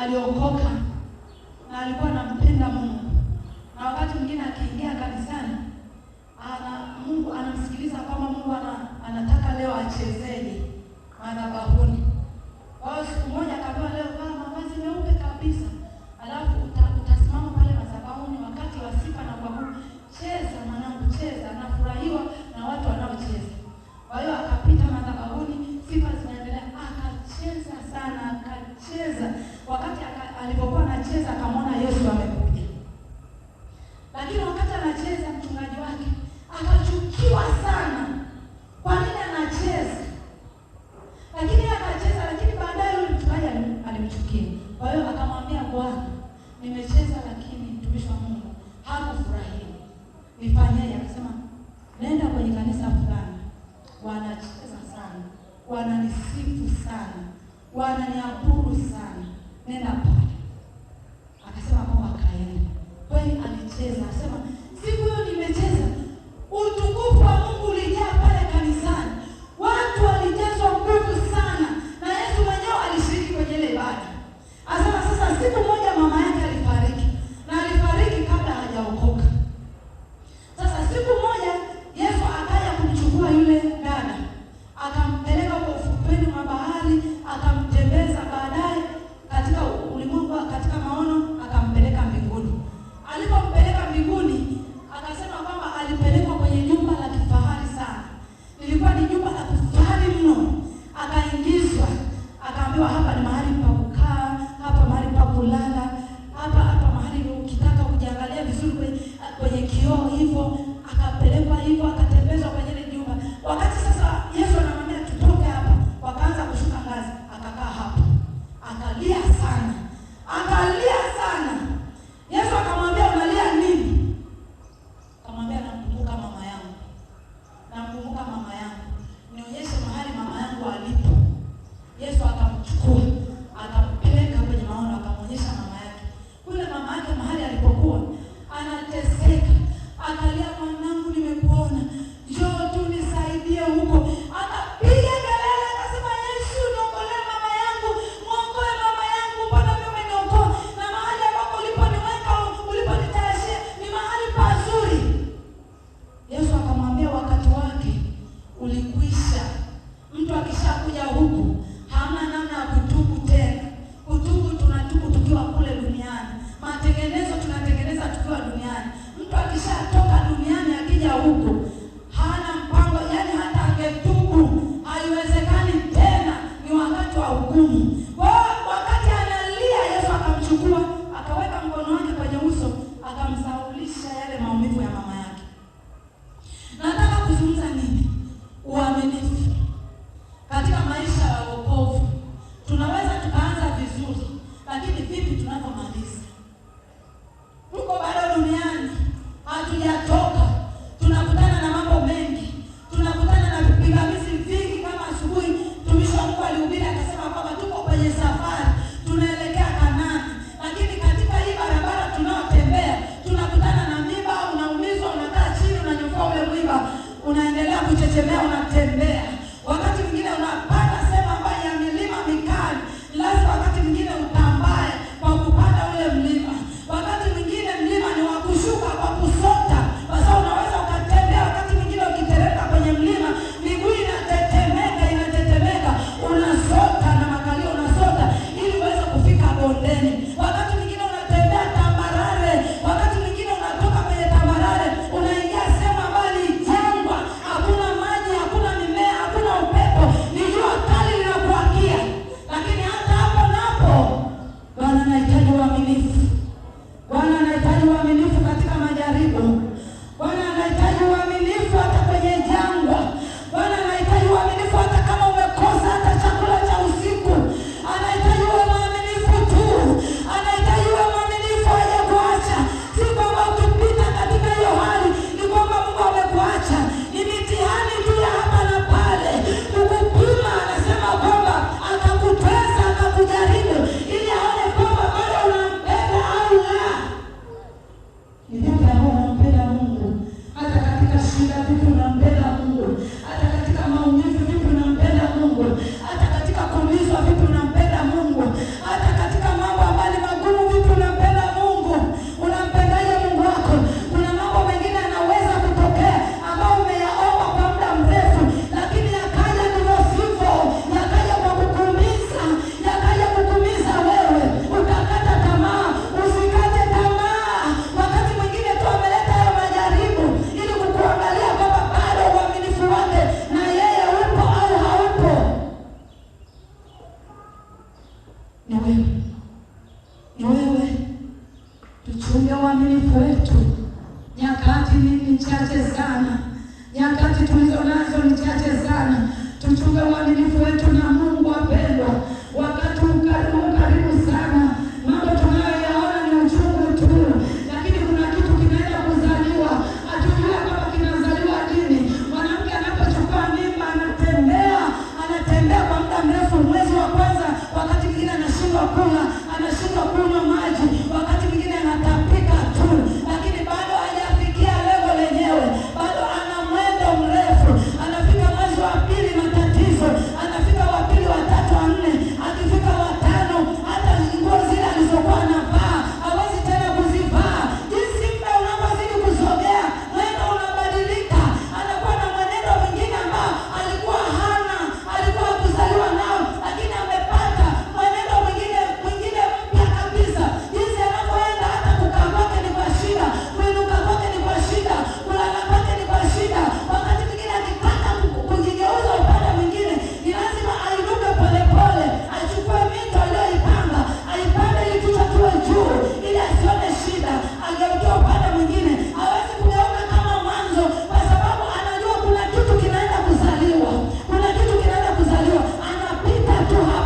aliokoka na alikuwa anampenda Mungu, na wakati mwingine akiingia kanisani ana Mungu anamsikiliza kama Mungu ana, anataka leo achezeje madhabahuni. Kwa hiyo siku moja akapewa leo kama mavazi meupe kabisa, alafu uta, utasimama pale madhabahuni wakati wa sifa na kuabudu, cheza mwanangu, cheza, anafurahiwa na watu wanaocheza. Kwa hiyo nifanyeje? Akasema nenda kwenye kanisa fulani, wanacheza sana, wananisifu sana, wananiabudu sana, nenda ameshatoka duniani akija huku unachelewa unatembea uaminifu wetu. Nyakati ni chache sana, nyakati tulizo nazo ni chache sana. Tuchunge uaminifu wetu na Thank you.